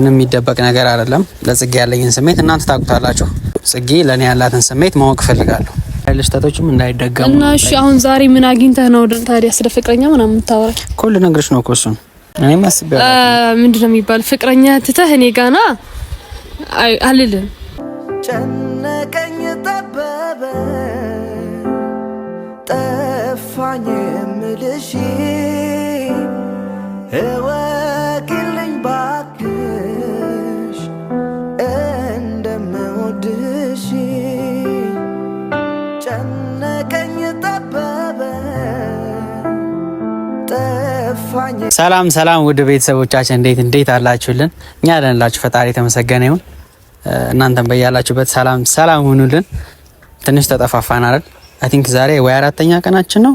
ምንም የሚደበቅ ነገር አይደለም። ለጽጌ ያለኝን ስሜት እናንተ ታውቁታላችሁ። ጽጌ ለእኔ ያላትን ስሜት ማወቅ እፈልጋለሁ። ልስተቶችም እንዳይደገሙ እና እሺ፣ አሁን ዛሬ ምን አግኝተህ ነው ታዲያ ስለ ፍቅረኛ ምናምን የምታወራኝ? እኮ ልነግርሽ ነው እኮ እሱን። እኔም አስቤያለሁ። ምንድን ነው የሚባል ፍቅረኛ ትተህ እኔ ጋና አልልም። ጨነቀኝ፣ ጠበበ፣ ጠፋኝ የምልሽ ሰላም ሰላም፣ ውድ ቤተሰቦቻችን እንዴት እንዴት አላችሁልን? እኛ ያለንላችሁ ፈጣሪ የተመሰገነ ይሁን። እናንተም በያላችሁበት ሰላም ሰላም ሁኑልን። ትንሽ ተጠፋፋን አይደል? አይ ቲንክ ዛሬ ወይ አራተኛ ቀናችን ነው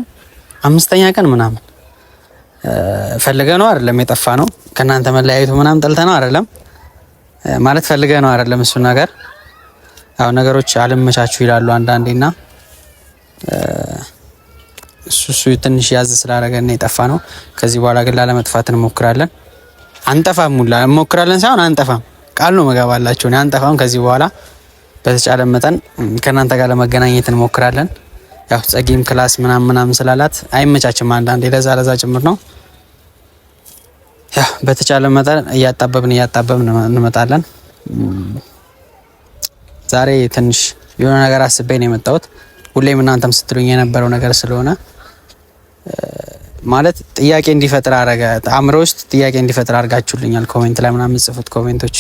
አምስተኛ ቀን ምናምን ፈልገ ነው አይደለም የጠፋ ነው። ከእናንተ መለያየቱ ምናምን ጠልተ ነው አይደለም ማለት ፈልገ ነው አይደለም። እሱ ነገር አሁን ነገሮች አልመቻችሁ ይላሉ አንዳንዴና እሱ ትንሽ ያዝ ስላደረገና የጠፋ ነው። ከዚህ በኋላ ግን ላለመጥፋት እንሞክራለን። አንጠፋም፣ ሙላ እንሞክራለን ሳይሆን አንጠፋም፣ ቃል ነው መጋባላችሁ። አንጠፋም። ከዚህ በኋላ በተቻለ መጠን ከእናንተ ጋር ለመገናኘት እንሞክራለን። ያው ጸጊም ክላስ ምናም ምናም ስላላት አይመቻችም፣ አንዳንዴ ለዛ ለዛ ጭምር ነው። ያው በተቻለ መጠን እያጣበብን እያጣበብን እንመጣለን። ዛሬ ትንሽ የሆነ ነገር አስቤ ነው የመጣሁት። ሁሌም እናንተም ስትሉኝ የነበረው ነገር ስለሆነ ማለት ጥያቄ እንዲፈጥር አረገ አእምሮ ውስጥ ጥያቄ እንዲፈጥር አድርጋችሁልኛል። ኮሜንት ላይ ምናምን ጽፉት ኮሜንቶች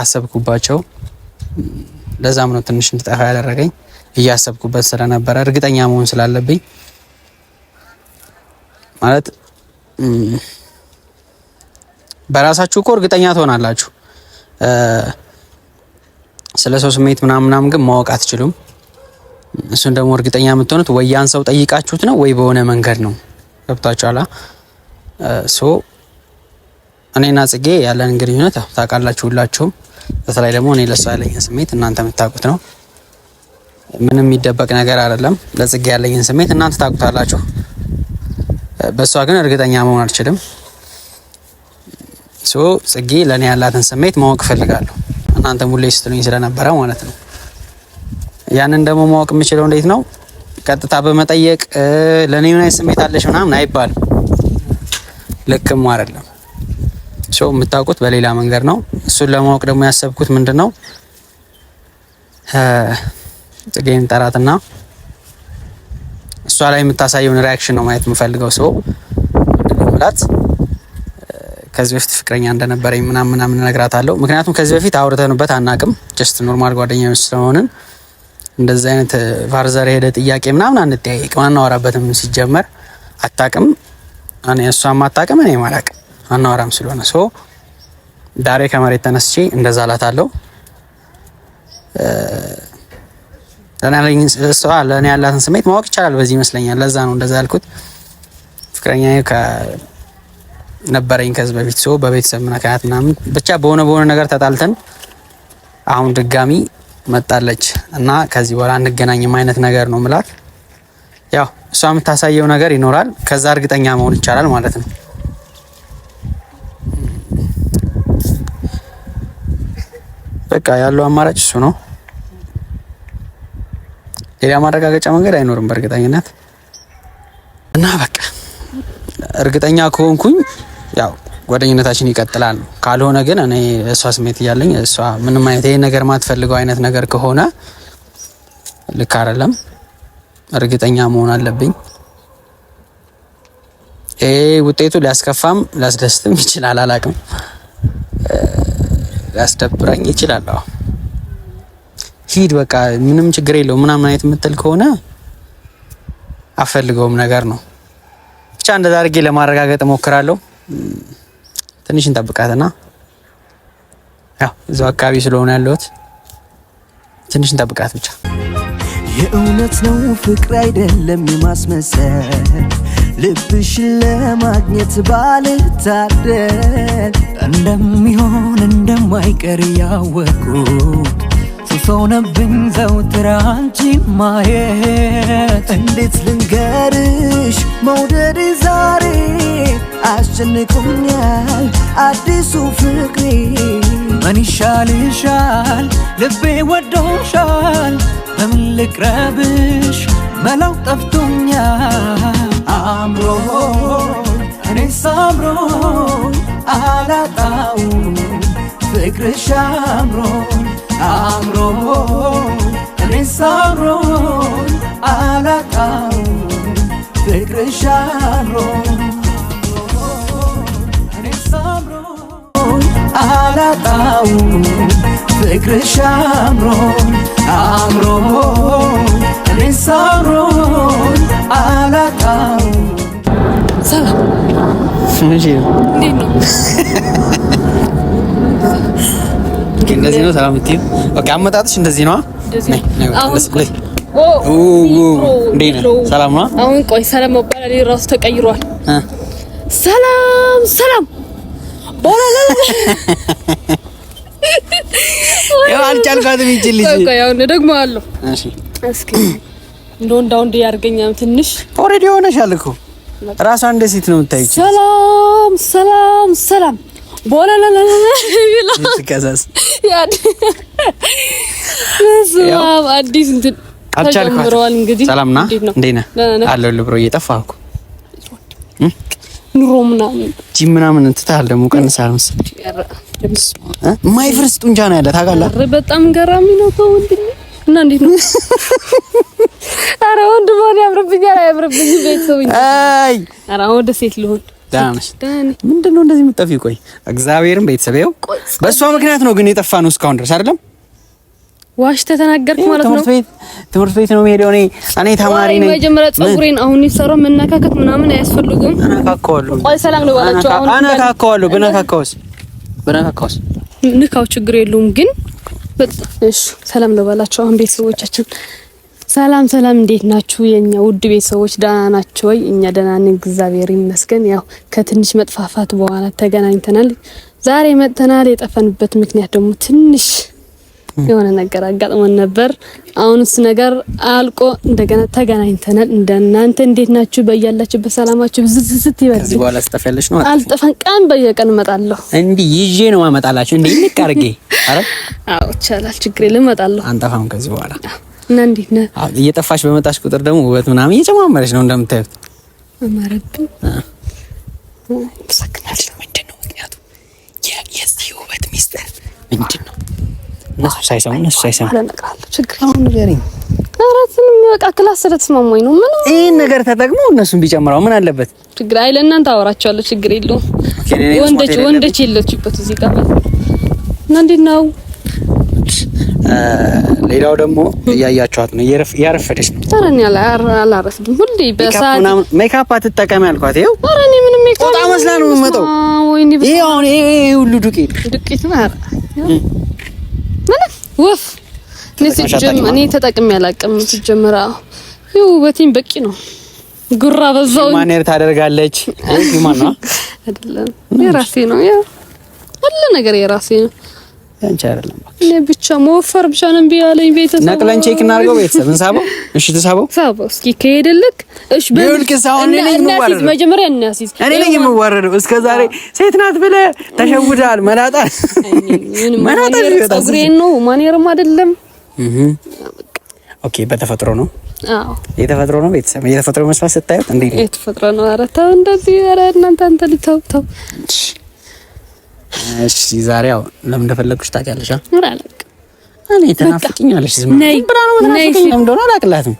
አሰብኩባቸው። ለዛም ነው ትንሽ እንድጠፋ ያደረገኝ እያሰብኩበት ስለነበረ እርግጠኛ መሆን ስላለብኝ ማለት በራሳችሁ እኮ እርግጠኛ ትሆናላችሁ። ስለ ሰው ስሜት ምናምናም ግን ማወቅ አትችሉም። እሱን ደግሞ እርግጠኛ የምትሆኑት ወይ ያን ሰው ጠይቃችሁት ነው ወይ በሆነ መንገድ ነው። ገብታችኋል? ሶ እኔና ጽጌ ያለን ግንኙነት ታውቃላችሁ ሁላችሁም። በተለይ ደግሞ እኔ ለሷ ያለኝን ስሜት እናንተ የምታውቁት ነው። ምንም የሚደበቅ ነገር አይደለም። ለጽጌ ያለኝን ስሜት እናንተ ታውቁታላችሁ። በእሷ ግን እርግጠኛ መሆን አልችልም። ሶ ጽጌ ለእኔ ያላትን ስሜት ማወቅ እፈልጋለሁ። እናንተ ሙሌ ስትሉኝ ስለነበረ ማለት ነው። ያንን ደግሞ ማወቅ የምችለው እንዴት ነው? ቀጥታ በመጠየቅ ለእኔ ምን አይነት ስሜት አለሽ ምናምን አይባልም። ልክም አይደለም። ሰው የምታውቁት በሌላ መንገድ ነው። እሱን ለማወቅ ደግሞ ያሰብኩት ምንድን ነው ጥጌን ጠራትና እሷ ላይ የምታሳየውን ሪያክሽን ነው ማየት የምፈልገው። ሰው ምላት ከዚህ በፊት ፍቅረኛ እንደነበረኝ ምናምን ምናምን እነግራታለሁ። ምክንያቱም ከዚህ በፊት አውርተንበት አናቅም። ጀስት ኖርማል ጓደኛ ስለሆንን እንደዚህ አይነት ፋርዘር ሄደ ጥያቄ ምናምን አንጠያየቅ አናወራበትም። ሲጀመር አታቅም፣ እሷም አታቅም፣ እኔ ማላቅ አናወራም ስለሆነ ሶ ዳሬ ከመሬት ተነስቼ እንደዛ እላታለሁ። ለእኔ ያላትን ስሜት ማወቅ ይቻላል በዚህ ይመስለኛል። ለዛ ነው እንደዛ ያልኩት። ፍቅረኛ ነበረኝ ከዚህ በፊት ሰው በቤተሰብ ምክንያት ምናምን ብቻ በሆነ በሆነ ነገር ተጣልተን አሁን ድጋሚ መጣለች እና ከዚህ በኋላ እንገናኝም አይነት ነገር ነው ምላት። ያው እሷ የምታሳየው ነገር ይኖራል፣ ከዛ እርግጠኛ መሆን ይቻላል ማለት ነው። በቃ ያለው አማራጭ እሱ ነው። ሌላ ማረጋገጫ መንገድ አይኖርም በእርግጠኝነት እና በቃ እርግጠኛ ከሆንኩኝ ያው ጓደኝነታችን ይቀጥላል። ካልሆነ ግን እኔ እሷ ስሜት እያለኝ እሷ ምንም አይነት ይሄ ነገር ማትፈልገው አይነት ነገር ከሆነ ልክ አይደለም። እርግጠኛ መሆን አለብኝ። ይሄ ውጤቱ ሊያስከፋም ሊያስደስትም ይችላል። አላቅም፣ ሊያስደብረኝ ይችላል። አዎ ሂድ በቃ ምንም ችግር የለው ምናምን አይነት የምትል ከሆነ አፈልገውም ነገር ነው። ብቻ እንደዛ አድርጌ ለማረጋገጥ እሞክራለሁ። ትንሽ እንጠብቃትና ያው እዛው አካባቢ ስለሆነ ያለሁት ትንሽ እንጠብቃት ብቻ። የእውነት ነው ፍቅር አይደለም የማስመሰል ልብሽን ለማግኘት ባልታደል እንደሚሆን እንደማይቀር ያወቁት ሆነብኝ ዘውትር አንቺን ማየት። እንዴት ልንገርሽ መውደድ ዛሬ አስጨንቆኛል አዲሱ ፍቅሬ። ምን ይሻልሻል ልቤ ወዶሻል፣ በምን ልቅረብሽ መላው ጠፍቶኛል። አምሮ እኔ ሳምሮ አላጣው ፍቅርሽ አምሮ አምሮ እኔን ሳምሮ አላጣው ፍቅርሽ አምሮ አላጣው ፍቅርሽ አምሮ አምሮ እኔን ሳምሮ አላጣው ሰላም ነው? እንደዚህ ነው ሰላም የምትይው። ኦኬ አመጣጥሽ እንደዚህ ነው። ሰላም ነው። አሁን ቆይ ሰላም መባላል ራሱ ተቀይሯል። ሰላም ሰላም አልቻልኳትም። ደግሞ አለው እስኪ እንደ ወንድ ወንድ ያድርገኛል። ትንሽ ኦልሬዲ ሆነሻል እኮ ራሷ እንደ ሴት ነው የምታይው። ሰላም ሰላም ሰላም አዲስ እንትን ተጀምረዋል። እንግዲህ ጡንቻ ነው ያለ ታውቃለህ። በጣም ገራሚ ነው እና እንዴት ነው? ያምርብኛል፣ አያምርብኝም። ቤተሰብ አይ፣ ወደ ሴት ልሆን ምንድን ነው እንደዚህ የምጠፊው? ቆይ እግዚአብሔርን ቤተሰብ ይኸው በእሷ ምክንያት ነው ግን የጠፋ ነው እስካሁን ድረስ አይደለም። ዋሽ ተተናገርኩ ማለት ነው። ትምህርት ቤት ትምህርት ቤት ነው የምሄደው እኔ እኔ ተማሪ ነኝ። መጀመሪያ ጸጉሬን አሁን ይሰራው መነካከት ምናምን አያስፈልጉም። አነካካዋለሁ። ቆይ ሰላም ነው ባላችሁ አሁን አነካካዋለሁ። ብነካካውስ ብነካካውስ ንካው ችግር የለውም ግን እሺ፣ ሰላም ነው ባላችሁ አሁን ቤተሰቦቻችን ሰላም ሰላም፣ እንዴት ናችሁ የኛ ውድ ቤተሰቦች? ደህና ናችሁ ወይ? እኛ ደህና ነን፣ እግዚአብሔር ይመስገን። ያው ከትንሽ መጥፋፋት በኋላ ተገናኝተናል። ዛሬ መጥተናል። የጠፈንበት ምክንያት ደግሞ ትንሽ የሆነ ነገር አጋጥሞን ነበር። አሁንስ ነገር አልቆ እንደገና ተገናኝተናል። እንደናንተ እንዴት ናችሁ? በያላችሁበት ሰላማችሁ ብዝዝት ይበል። ከዚህ በኋላ ስጠፊያለሽ ነው። አልጠፋን፣ ቀን በየቀን እመጣለሁ። እንዲህ ይዤ ነው እመጣላችሁ። እንዲህ ንቅ አድርጌ። አረ አዎ፣ ይቻላል፣ ችግር የለም፣ እመጣለሁ። አንጠፋም ከዚህ በኋላ እና እንዴት ነህ? እየጠፋሽ በመጣሽ ቁጥር ደግሞ ውበት ምናምን እየጨማመረች ነው እንደምታዩት። አማረብኝ። ነው ምንድን ነው ምክንያቱም የዚህ ውበት ሚስጥር ምንድን ነው? እነሱ ሳይሰሙ እነሱ ሳይሰሙ ችግር ንገሪኝ። አራትን ክላስ ስለተስማማኝ ነው። ምን ነገር ተጠቅሞ እነሱን ቢጨምረው ምን አለበት? ችግር አይ ለእናንተ አወራቸዋለሁ። ችግር የለውም። ወንደች ወንደች የለችበት እዚህ ጋር ነው ሌላው ደግሞ እያያችኋት ነው፣ እያረፈደች ነው። ኧረ እኔ አላረፍድም። ሁሌ በሰዓት ሜካፕ አትጠቀሚ ያልኳት ይኸው ቆጣ መስላ ነው የምመጣው። ይሄ አሁን ይሄ ሁሉ ዱቄት ዱቄት ወፍ እኔ ተጠቅሜ አላውቅም። ይኸው ውበቴን በቂ ነው። ጉራ በዛው ማኔር ታደርጋለች። ማን ነው? አይደለም የራሴ ነው። ያው ሁሉ ነገር የራሴ ነው። አንቺ አይደለም እኔ ብቻ መወፈር ብቻ ነው እምቢ ቤተሰብ ነቅለን ቼክ እናድርገው። ቤተሰብ እንሳበው። እሺ ተሳበው፣ ሳበው እስኪ ከሄደልክ። እሺ መጀመሪያ እናስይዝ። እኔ ነኝ የምዋረደው። እስከ ዛሬ ሴት ናት ብለህ ተሸውዳል። መላጣ መላጣ ፀጉሬን ነው ማኔርም አይደለም። ኦኬ በተፈጥሮ ነው። የተፈጥሮ ነው። ቤተሰብ የተፈጥሮ መስፋት ስታዩት እንዴ የተፈጥሮ ነው። ኧረ ተው እንደዚህ። ኧረ እናንተ አንተ ልተው ተው እሺ ዛሬ ያው ለምን እንደፈለግኩሽ ታውቂያለሽ። እኔ ትናፍቂኛለሽ። ዝም ብላ ነው ትናፍቂኝ። ለምን እንደሆነ አላውቅላትም።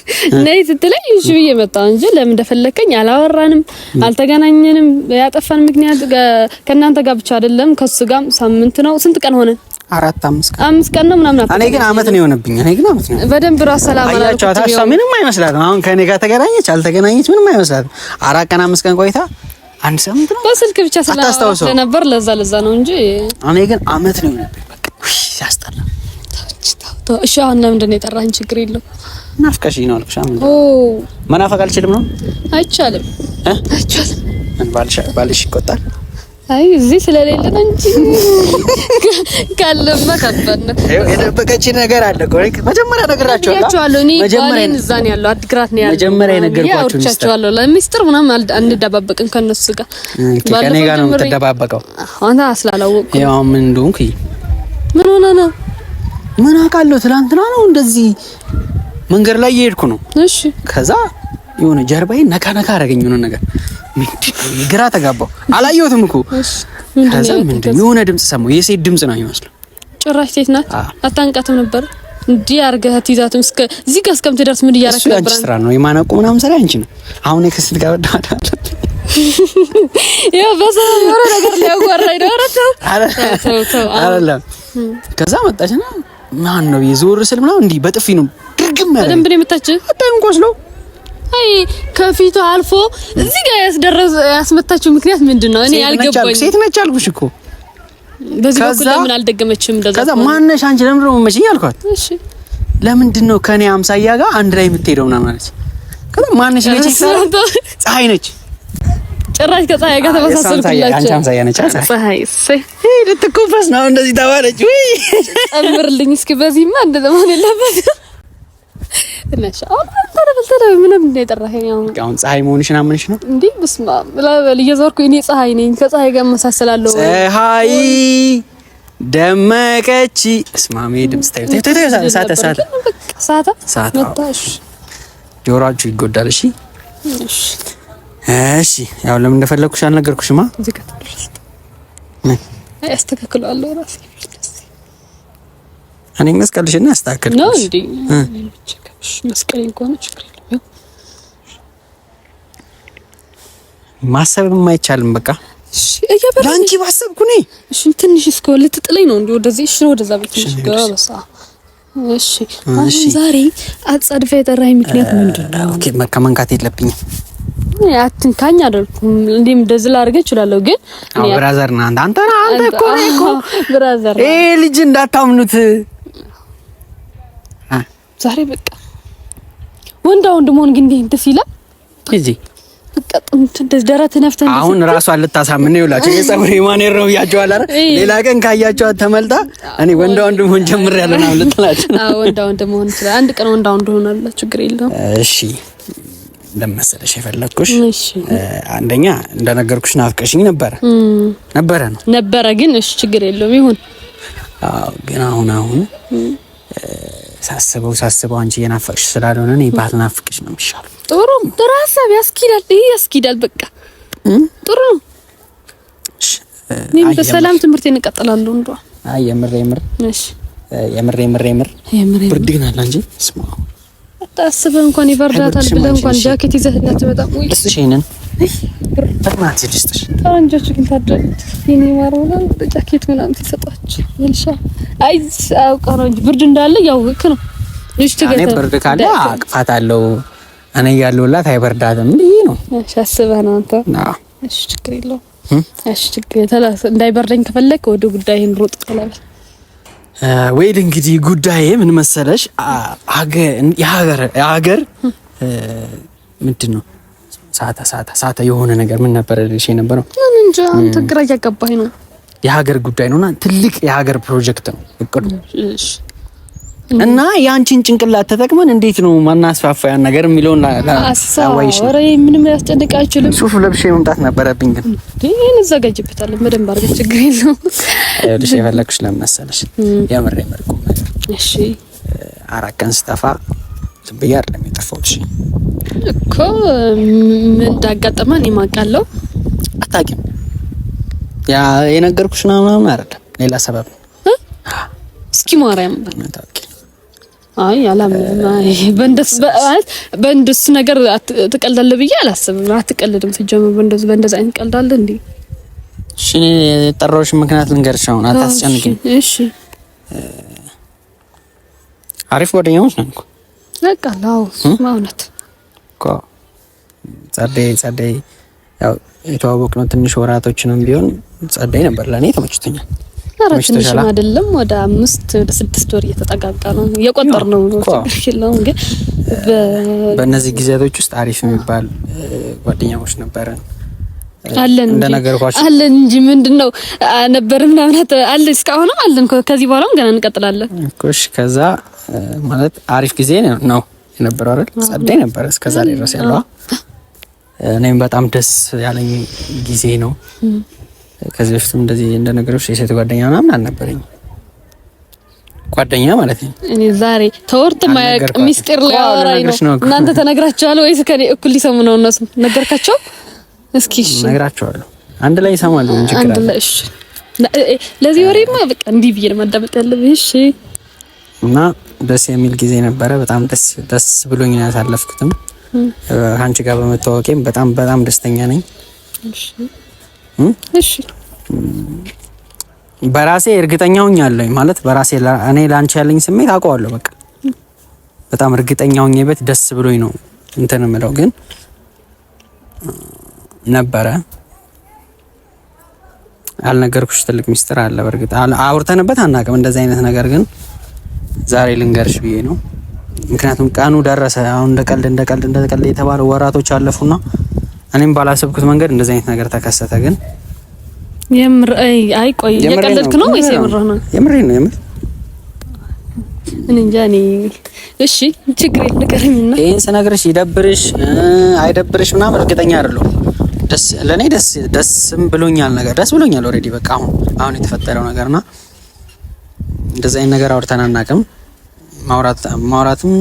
ነይ ስትለኝ እሺ ብዬ መጣሁ እንጂ ለምን እንደፈለከኝ አላወራንም፣ አልተገናኘንም። ያጠፋን ምክንያት ከእናንተ ጋር ብቻ አይደለም ከሱ ጋር ሳምንት ነው ስንት ቀን ሆነ? አራት አምስት ቀን አምስት ቀን ነው ምናምን። እኔ ግን አመት ነው የሆነብኝ። እኔ ግን አመት ነው በደንብ ራስ ሰላም አላልኩት። ምንም አይመስላትም። አሁን ከኔ ጋር ተገናኘች አልተገናኘች ምንም አይመስላትም። አራት ቀን አምስት ቀን ቆይታ አንድ ሳምንት ነው። በስልክ ብቻ ስለነበር ለዛ ለዛ ነው እንጂ እኔ ግን አመት ነው የሆነብኝ። በቃ ሲያስጠላ። እሺ አሁን ለምንድን ነው የጠራኸኝ? ችግር የለውም። ናፍቀሽ ነው አልኩሽ። መናፈቅ አልችልም ነው አይቻልም፣ አይቻልም። ባልሽ ይቆጣል አይ እዚህ ስለሌለ ነው እንጂ ካለማ ከባድ ነው። የደበቀችኝ ነገር አለ እኮ መጀመሪያ ነግራቸዋለሁ። እኔ ባሌን እዛ ነው ያለው፣ አድግራት ነው ያለው። መጀመሪያ የነገርኳችሁ አውርቻቸዋለሁ። ለሚስጥር ምናምን አንደባበቅም ከእነሱ ጋር። ከእኔ ጋር ነው የምትደባበቀው አንተ ስላላወቅኩ። ያው ምን እንደሆንኩ ምን ሆነ ነው ምን አውቃለሁ። ትናንትና ነው እንደዚህ መንገድ ላይ እየሄድኩ ነው። እሺ ከዛ የሆነ ጀርባዬ ነካ ነካ አደረገኝ የሆነ ነገር ግራ ተጋባው። አላየሁትም እኮ ከዛ ምንድን የሆነ ድምጽ ሰማሁ። የሴት ድምጽ ነው የሚመስለው። ጭራሽ ሴት ናት። አታንቃትም ነበር እንዲህ አድርገህ ትይዛትም እስከ እዚህ ጋር እስከምትደርስ ምን እያደረክ ነበር? አንቺ ስራ ነው የማነቁ ምናምን ስራ አንቺ ነው። አሁን የክስት ጋር ወዳዳ ያው በሰው ወረ ነገር ሊያጓራ ነው። ከዛ መጣች ና ማን ነው የዞር ስል ምናምን እንዲህ በጥፊ ነው ድርግም ያለ ደንብን ነው የመታች በጣም ነው አይ ከፊቱ አልፎ እዚህ ጋር ያስደረሰ ያስመታችው ምክንያት ምንድነው? እኔ ያልገባኝ ሴት ነች አልኩሽ እኮ በዚህ በኩል ለምን አልደገመችም? እንደዛ ከዛ ማነሽ አንቺ ለምን ነው መመችኝ ያልኳት። እሺ ለምንድን ነው ከኔ አምሳያ ጋር አንድ ላይ የምትሄደው ምናምን አለች። ከዛ ማነሽ ነች ፀሐይ ነች። ጭራሽ ከፀሐይ ጋር ተመሳሰልኩላችሁ። አንቺ አምሳያ ነች ፀሐይ። እሰይ ልትኮፈስ ነው እንደዚህ ተባለች። ወይ ጨምርልኝ እስኪ በዚህማ እንደዛ መሆን የለበትም ምንም እንዳይጠራኸኝ አሁን ፀሐይ መሆንሽን አምንሽ ነው እንዴ? ብስማ እየዞርኩ እኔ ፀሐይ ነኝ፣ ከፀሐይ ጋር መሳሰላለሁ። ፀሐይ ደመቀች። እስማሜ ድምጽ ታዩ መጣሽ፣ ጆሮአችሁ ይጎዳል። እሺ እሺ፣ ያው ለምን አልነገርኩሽማ። ያስተካክለዋለሁ ራሴ እኔ መስቀልሽና ነው እንዴ መስቀል እንኳን ችግር የለም። ማሰብም የማይቻልም በቃ ለአንቺ ባሰብኩ እኔ እሺ፣ ትንሽ እስከ ልትጥለኝ ነው እንዴ? ወደዚህ እሺ፣ ወደዛ ቤት እሺ፣ እሺ። አሁን ዛሬ አጻድፈ የጠራኝ ምክንያት ምንድን ኦኬ፣ በቃ መንካት የለብኝም አትንካኝ አደልኩም። እንዲህ እንደዚህ ላድርግ እችላለሁ፣ ግን ብራዘር ና አንተ አንተ እኮ እኮ ብራዘር ይሄ ልጅ እንዳታምኑት ዛሬ በቃ ወንዳ ወንድ መሆን ግን ግን ደስ ይላል። እዚህ ደረት ነፍተን አሁን ራሷን ልታሳምን ነው ይላችሁ። የጸጉር ማኔር ነው ብያቸዋል። አረ ሌላ ቀን ካያቸዋት ተመልጣ እኔ ወንዳ ወንድ መሆን ጀምሬያለሁ ነው ልትላችሁ። አዎ ወንዳ ወንድ መሆን ይችላል። አንድ ቀን ወንዳ ወንድ ሆናለሁ፣ ችግር የለውም። እሺ ለመሰለሽ የፈለግኩሽ አንደኛ እንደነገርኩሽ ናፍቀሽኝ ነበረ ነበረ ነው ነበረ ግን እሺ፣ ችግር የለውም ይሁን። አዎ ግን አሁን አሁን ሳስበው ሳስበው አንቺ የናፈቅሽ ስላልሆነ እኔ ባልናፍቅሽ ነው የሚሻለው። ጥሩ ጥሩ ሀሳብ ያስኪዳል። ይሄ ያስኪዳል። በቃ ጥሩ ነው። እኔም በሰላም ትምህርቴን እቀጥላለሁ። እንዷ አይ የምር የምር እሺ የምር የምር የምር የምር ብርድ ግን አለ እንጂ ስማ፣ አታስበህ እንኳን ይበርዳታል ብለህ እንኳን ጃኬት ይዘህ ይዘህላት በጣም ወይ እናቴ ግን ታደሉት የኔ ማር ምናምን ምናምን ሲሰጣችሁ ልሻ አይ አውቃ ነው እንጂ ብርድ እንዳለ ያው እክ ነው ልጅ ትገዛ ብርድ ካለ አቅፋት አለው እኔ ያለውላት አይበርዳትም። እንዲህ ነው አስበህ ነው አንተ። እሺ ችግር የለውም እንዳይበርደኝ ከፈለግ ወደ ጉዳይ ሮጥ ይላል። ወይድ እንግዲህ ጉዳዬ ምን መሰለሽ፣ ሀገር የሀገር ምንድን ነው ሳተ ሳተ ሳተ የሆነ ነገር ምን ነበር ልሽ የነበረው? እንጂ አንተ ግራ እያጋባኝ ነው። የሀገር ጉዳይ ነውና ትልቅ የሀገር ፕሮጀክት ነው እቅዱ እና የአንቺን ጭንቅላት ተጠቅመን እንዴት ነው ማናስፋፋ ያን ነገር የሚለውን ላሳዋይሽ። ኧረ ምንም ያስጨንቅ አይችልም። ሱፍ ለብሼ መምጣት ነበረብኝ፣ ግን ይህን እዘጋጅበታለን በደንብ አድርገን። ችግር የለውም። ልሽ የፈለግሽ ለምን መሰለሽ? የምሬ መርቆ ነገር እሺ፣ አራት ቀን ስጠፋ ዝም ብዬ አይደለም የጠፋው። እሺ እኮ እንዳጋጠመ እኔ ማውቃለሁ። አታውቂም? ያ የነገርኩሽ ምናምን አይደለም፣ ሌላ ሰበብ ነው። እስኪ ማርያም ታውቂ? አይ አላምንም። በእንደስ በእንደስ ነገር ትቀልዳለህ ብዬ አላስብም። አትቀልድም። ሲጀምር በእንደስ በእንደስ አይነት ቀልዳለህ እንዴ? እሺ እኔ የጠራሁሽ ምክንያት ልንገርሽ። አሁን አታስጨንቂኝ እሺ? አሪፍ ጓደኛሞች ነን እኮ በቃ ላው ማውነት እኮ ጸደይ ጸደይ ያው የተዋወቅ ነው ትንሽ ወራቶች ቢሆን ጸደይ ነበር ለእኔ ተመችቶኛል። ኧረ ትንሽም አይደለም ወደ አምስት ወደ ስድስት ወር እየተጠጋጋ ነው እየቆጠር ነው ነው ግን በእነዚህ ጊዜያቶች ውስጥ አሪፍ የሚባል ጓደኛሞች ነበረን አለን አለን እንጂ ምንድን ነው ነበር ምናምን አለ እስካሁንም አለን። ከዚህ በኋላም ገና እንቀጥላለን እሺ ከዛ ማለት አሪፍ ጊዜ ነው የነበረው አይደል? ጸደይ ነበረ እስከዛ ላይ ድረስ ያለዋ እኔም በጣም ደስ ያለኝ ጊዜ ነው። ከዚህ በፊትም እንደዚህ እንደ ነገሮች የሴት ጓደኛ ምናምን አልነበረኝ ጓደኛ ማለት ነው። እኔ ዛሬ ተወርት ማያቅ ሚስጢር ላይ ነው። እናንተ ተነግራችኋል ወይስ ከኔ እኩል ሊሰሙ ነው? እነሱ ነገርካቸው? እስኪ እሺ፣ ነግራችኋለሁ። አንድ ላይ ይሰማሉ እንጂ አንድ ላይ እሺ። ለዚህ ወሬማ በቃ እንዲህ ብዬ ነው ማዳመጥ ያለብህ። እሺ እና ደስ የሚል ጊዜ ነበረ። በጣም ደስ ደስ ብሎኝ ነው ያሳለፍኩትም። አንቺ ጋር በመታወቄም በጣም በጣም ደስተኛ ነኝ። እሺ በራሴ እርግጠኛ ሆኛለሁኝ ማለት በራሴ እኔ ላንቺ ያለኝ ስሜት አውቀዋለሁ። በቃ በጣም እርግጠኛ ሆኜበት ደስ ብሎኝ ነው እንትን የምለው ግን ነበረ አልነገርኩሽ። ትልቅ ሚስጥር አለ። በእርግጥ አውርተንበት አናውቅም እንደዚህ አይነት ነገር ግን ዛሬ ልንገርሽ ብዬ ነው። ምክንያቱም ቀኑ ደረሰ። አሁን እንደ ቀልድ እንደ ቀልድ እንደ ቀልድ የተባለ ወራቶች አለፉና እኔም ባላሰብኩት መንገድ እንደዚህ አይነት ነገር ተከሰተ። ግን የምር አይ ቆይ የቀለድክ ነው ወይስ የምር ነው? የምር ነው የምር እንጃ እሺ፣ ችግር የለቀኝና ይሄን ስነግርሽ ይደብርሽ አይደብርሽ ምናምን እርግጠኛ አይደለሁም። ደስ ለእኔ ደስ ደስም ብሎኛል ነገር ደስ ብሎኛል ኦልሬዲ በቃ አሁን አሁን የተፈጠረው ነገርና እንደዚህ አይነት ነገር አውርተን አናውቅም። ማውራት ማውራትም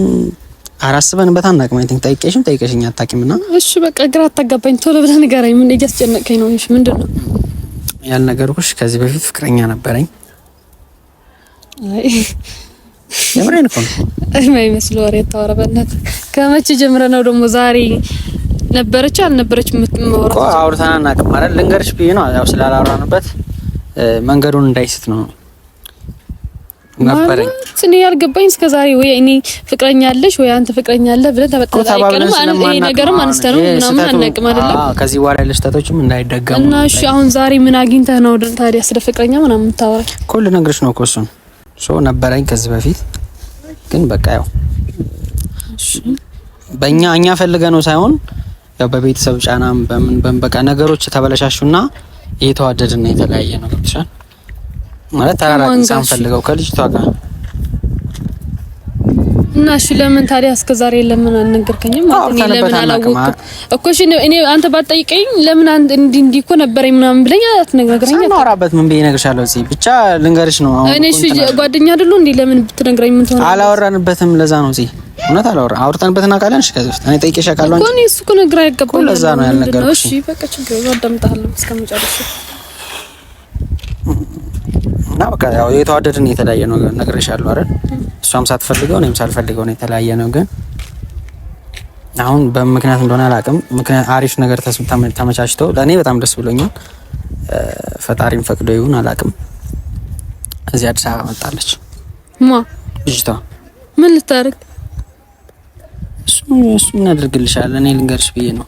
አራስበንበት አናውቅም። አይ ቲንክ ጠይቄሽም ጠይቄሽኝ አታውቂም። እና እሺ በቃ ግራ አታጋባኝ፣ ቶሎ ብለህ ንገረኝ። ምን እያስጨነቀኝ ነው? እሺ ምንድን ነው ያልነገርኩሽ? ከዚህ በፊት ፍቅረኛ ነበረኝ። አይ የምሬን እኮ ነው። የማይመስል ወሬ ታወራ። በእናትህ ከመቼ ጀምረህ ነው ደግሞ ዛሬ ነበረች አልነበረች የምትመወራ? አውርተን አናውቅም ማለት ልንገርሽ ብዬ ነው ያው ስላላወራንበት መንገዱን እንዳይስት ነው ነበረኝ እኔ ያልገባኝ እስከ ዛሬ ወይ እኔ ፍቅረኛ አለሽ ወይ አንተ ፍቅረኛ አለ ብለን ከዚህ በኋላ ያለ ስህተቶችም እንዳይደገሙ እና እሺ፣ አሁን ዛሬ ምን አግኝተህ ነው ታዲያ ስለ ፍቅረኛ ምናምን የምታወራኝ? እኮ ልነግርሽ ነው እኮ እሱን ሶ ነበረኝ ከዚህ በፊት ግን በቃ ያው በእኛ እኛ ፈልገ ነው ሳይሆን ያው በቤተሰብ ጫናም በምን በቃ ነገሮች ተበለሻሹና እየተዋደድን የተለያየ ነው ብቻ ማለት ተራራቅን ሳንፈልገው ከልጅቷ ጋር እና እሺ፣ ለምን ታዲያ እስከ ዛሬ ለምን አልነገርከኝም? እኔ ለምን አላወቅኩም እኮ እሺ፣ እኔ አንተ ባትጠይቀኝ ለምን አንድ እንዲህ እንዲህ እኮ ነበረኝ ምናምን ብለኝ አትነግረኝ። አወራበት ምን ብዬ እነግርሻለሁ? እዚህ ብቻ ልንገርሽ ነው አሁን። እኔ እሺ፣ ጓደኛ አይደሉ እንዴ? ለምን ብትነግረኝ ምን ትሆነ? አላወራንበትም፣ ለዛ ነው እዚህ እውነት አላወራ አውርተንበት እናውቃለን። እሺ ከዚህ እኔ ጠይቄሽ አውቃለሁ እኮ እኔ እሱ እኮ ነግራ አይገባም። ለዛ ነው ያልነገርኩሽ። እሺ በቃ ችግር ነው። አዳምጣለሁ እስከምጨርስ እና በቃ ያው የተዋደድን የተለያየ ነው ነግሬሻለሁ አይደል? እሷም ሳትፈልገው እኔም ሳልፈልገው ነው የተለያየ ነው። ግን አሁን በምክንያት እንደሆነ አላውቅም። ምክንያት አሪፍ ነገር ተመቻችቶ ለእኔ በጣም ደስ ብሎኛል። ፈጣሪም ፈቅዶ ይሁን አላውቅም። እዚህ አዲስ አበባ መጣለች ማ ልጅቷ። ምን ልታደርግ እሱ እሱ እናደርግልሻለን እኔ ልንገርሽ ብዬ ነው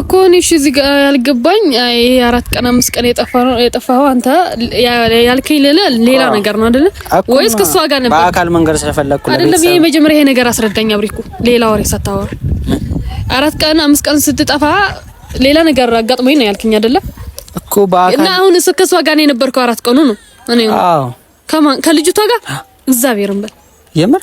እኮ እኔ እሺ፣ እዚህ ጋር ያልገባኝ ይሄ አራት ቀን አምስት ቀን የጠፋው አንተ ያልከኝ ሌላ ነገር ነው አይደለ? ወይስ ከሷ ጋር ነበር? በአካል መንገድ ስለፈለኩ አይደለም። ይሄ መጀመሪያ ይሄ ነገር አስረዳኝ አብሪኩ። ሌላ ወሬ ሳታወራ አራት ቀን አምስት ቀን ስትጠፋ ሌላ ነገር አጋጥሞኝ ነው ያልከኝ አይደለ? እኮ በአካል እና አሁን ከሷ ጋር ነው የነበርከው አራት ቀኑ ነው። እኔ አዎ፣ ከማን ከልጅቷ ጋር እግዚአብሔርን በል የምር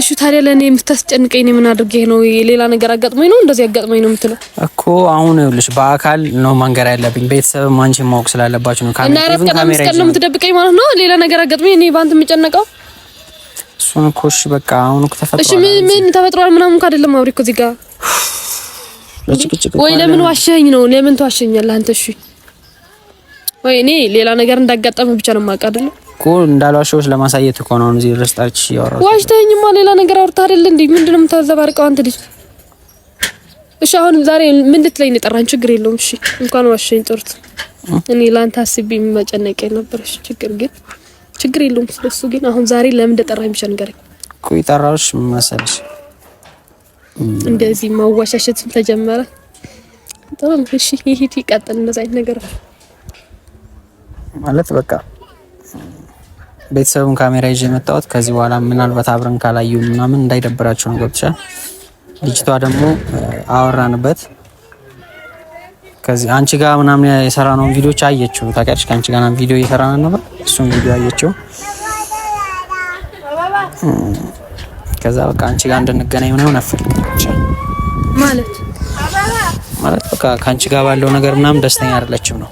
እሺ ታዲያ ለእኔ የምታስጨንቀኝ እኔ ምን አድርጌ ነው? ሌላ ነገር አጋጥሞኝ ነው እንደዚህ አጋጥሞኝ ነው የምትለው እኮ። አሁን ይኸውልሽ በአካል ነው መንገር ያለብኝ። ቤተሰብ አንቺን ማወቅ ስላለባችሁ ነው። ካሜራ እና ካሜራ ነው የምትደብቀኝ ማለት ነው። ሌላ ነገር አጋጥሞኝ እኔ በአንተ የምጨነቀው እሱን እኮ። እሺ በቃ አሁን እኮ ተፈጥሯል። እሺ ምን ተፈጥሯል? ምናምን እኮ አይደለም አብሬ እኮ እዚህ ጋር ወይ ለምን ዋሸኝ ነው? ለምን ተዋሸኛለህ አንተ? እሺ ወይ እኔ ሌላ ነገር እንዳጋጠመ ብቻ ነው የማውቅ አይደለም እኮ እንዳልዋሸሁሽ ለማሳየት እኮ ነው እዚህ ድረስ ያወራ ያወራሁት። ዋሽተኸኝማ ሌላ ነገር አውርታ አይደል እንዴ? ምንድነው ነው የምታዘባርቀው አንተ ልጅ? እሺ አሁን ዛሬ ምን ልትለኝ ነው የጠራኸኝ? ችግር የለውም እሺ፣ እንኳን ዋሸኝ ጥሩት። እኔ ላንተ አስቤ መጨነቅ ነበር። እሺ ችግር ግን ችግር የለውም ስለሱ። ግን አሁን ዛሬ ለምን እንደጠራኸኝ ብቻ ንገረኝ እኮ። የጠራሁሽ መሰለሽ፣ እንደዚህ ማዋሻሸትም ተጀመረ። ጥሩ እሺ፣ ይሄ ይቀጥል። እንደዛ አይነት ነገር ማለት በቃ ቤተሰቡን ካሜራ ይዤ የመጣሁት ከዚህ በኋላ ምናልባት አብረን ካላዩ ምናምን እንዳይደብራቸው ነው። ገብቻል። ልጅቷ ደግሞ አወራንበት ከዚህ አንቺ ጋር ምናምን የሰራ ነውን ቪዲዮች አየችው። ታውቂያለሽ፣ ከአንቺ ጋር ቪዲዮ እየሰራ ነበር። እሱን ቪዲዮ አየችው። ከዛ በቃ አንቺ ጋር እንድንገናኝ ምናምን አፈልግቻል ማለት ማለት በቃ ከአንቺ ጋር ባለው ነገር ምናምን ደስተኛ አይደለችም ነው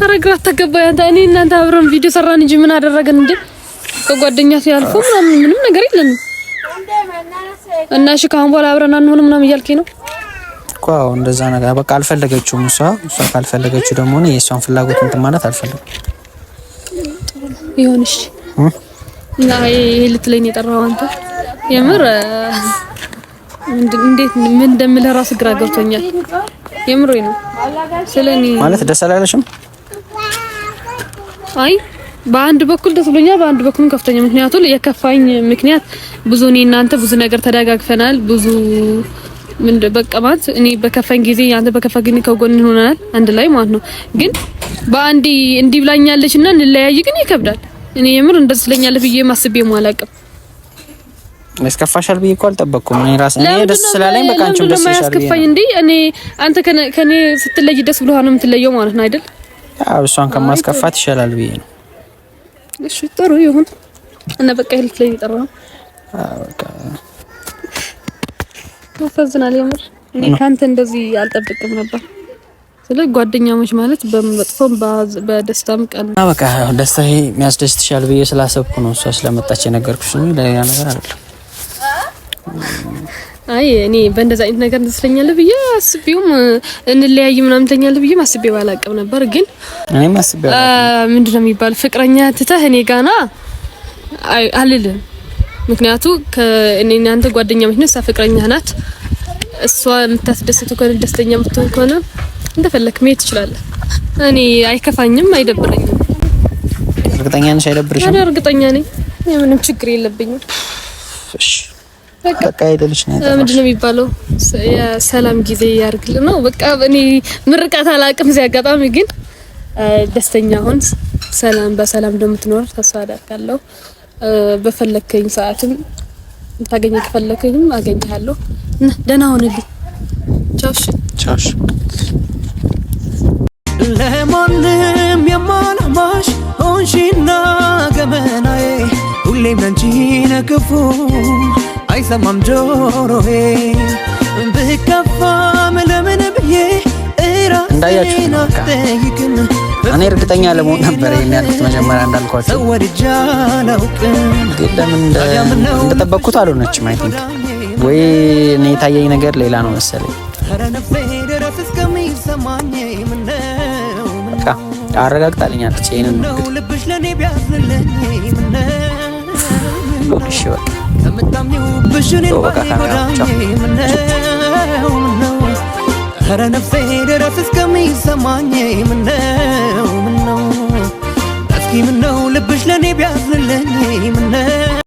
ኧረ ግራ ተገባ። ያንተ እኔ እናንተ አብረን ቪዲዮ ሰራን እንጂ ምን አደረገን እንዴ? ከጓደኛ ሲያልፉ ምናምን ምንም ነገር የለም እና እሺ፣ ካሁን በኋላ አብረን አንሆንም ምናምን እያልከኝ ነው እኮ እንደዛ ነገር በቃ አልፈለገችውም። እሷ እሷ ካልፈለገችው ደግሞ እኔ የእሷን ፍላጎት እንትን ማለት አልፈለግም። ይሁን እሺ። እና ይሄ ልትለኝ የጠራኸው አንተ የምር እንዴት ምን እንደምልህ ራስ ግራ ገብቶኛል። የምሬ ነው ስለኔ ማለት ደስ አላለሽም? አይ በአንድ በኩል ደስ ብሎኛል፣ በአንድ በኩል ከፍተኛ ምክንያቱ የከፋኝ ምክንያት ብዙ እኔ እናንተ ብዙ ነገር ተደጋግፈናል። ብዙ ምን በቃ ማለት እኔ በከፋኝ ጊዜ ያንተ በከፋ ግን ከጎን ሆነናል አንድ ላይ ማለት ነው። ግን በአንዴ እንዲህ ብላኛለች እና እንለያይ ግን ይከብዳል። እኔ የምር እንደስለኛለ ብዬ ማስቤ አላውቅም። ያስከፋሻል ብዬ እኮ አልጠበቅኩም። እኔ ራስ እኔ ደስ ስላለኝ በቃ አንቺም ደስ ይሻል ብዬ እኔ አንተ ከኔ ስትለይ ደስ ብሎሃ ነው የምትለየው ማለት ነው አይደል? ያው እሷን ከማስከፋት ይሻላል ብዬ ነው። እሺ ጥሩ ይሁን እና በቃ ይልክ ላይ ይጠራ። አዎ በቃ ያሳዝናል። የምር እኔ ካንተ እንደዚህ አልጠብቅም ነበር። ስለ ጓደኛሞች ማለት በመጥፎም በደስታም ቀን እና በቃ ደስታ ይሄ የሚያስደስትሻል ብዬ ስላሰብኩ ነው እሷ ስለመጣች የነገርኩሽ እንጂ ለሌላ ነገር አይደለም። አይ እኔ በእንደዛ አይነት ነገር ትለኛለህ ብዬ አስቤውም እንለያይ ምናምን ትለኛለህ ብዬ አስቤው አላቅም ነበር። ግን እኔም አስቤው ምንድን ነው የሚባል ፍቅረኛ ትተህ እኔ ጋና አይ አልልም። ምክንያቱ ከእኔ እናንተ ጓደኛ ምክንያት እሷ ፍቅረኛ ናት። እሷ የምታስደስት ከሆነ ደስተኛ የምትሆን ከሆነ እንደፈለክ መሄድ ትችላለህ። እኔ አይከፋኝም፣ አይደብረኝም። እርግጠኛ ነሽ? አይደብርሽም? እርግጠኛ ነኝ። ምንም ችግር የለብኝም። እሺ በቃ አይደልሽ ነው ምንድን የሚባለው? የሰላም ጊዜ ያርግልን ነው በቃ። እኔ ምርቃት አላውቅም። ሲያጋጣሚ ግን ደስተኛ ሁን። ሰላም በሰላም እንደምትኖር ተስፋ አደርጋለሁ። በፈለከኝ ሰዓትም ታገኘ ከፈለከኝም አገኘሃለሁ እና ደህና ሆነልኝ። ቻውሽ ቻውሽ ለማንም የማላማሽ ሆንሽና ገመናዬ ሁሌም ለአንቺ ነክፉ አይሰማም ጆሮዬ ብከፋም ለምን ብዬ እንዳያችሁት እኔ እርግጠኛ ለመሆን ነበር የሚያልኩት መጀመሪያ እንዳልኳቸው ግን ለምን እንደጠበቅኩት አልሆነችም። አይ ቲንክ ወይ እኔ የታየኝ ነገር ሌላ ነው መሰለኝ። አረጋግጣልኛለች ይህንን ረነፌ ድረስ እስከሚሰማኝ ምነው ምነው እስኪ ምነው ልብሽ ለእኔ ቢያዝንልኝ ምነው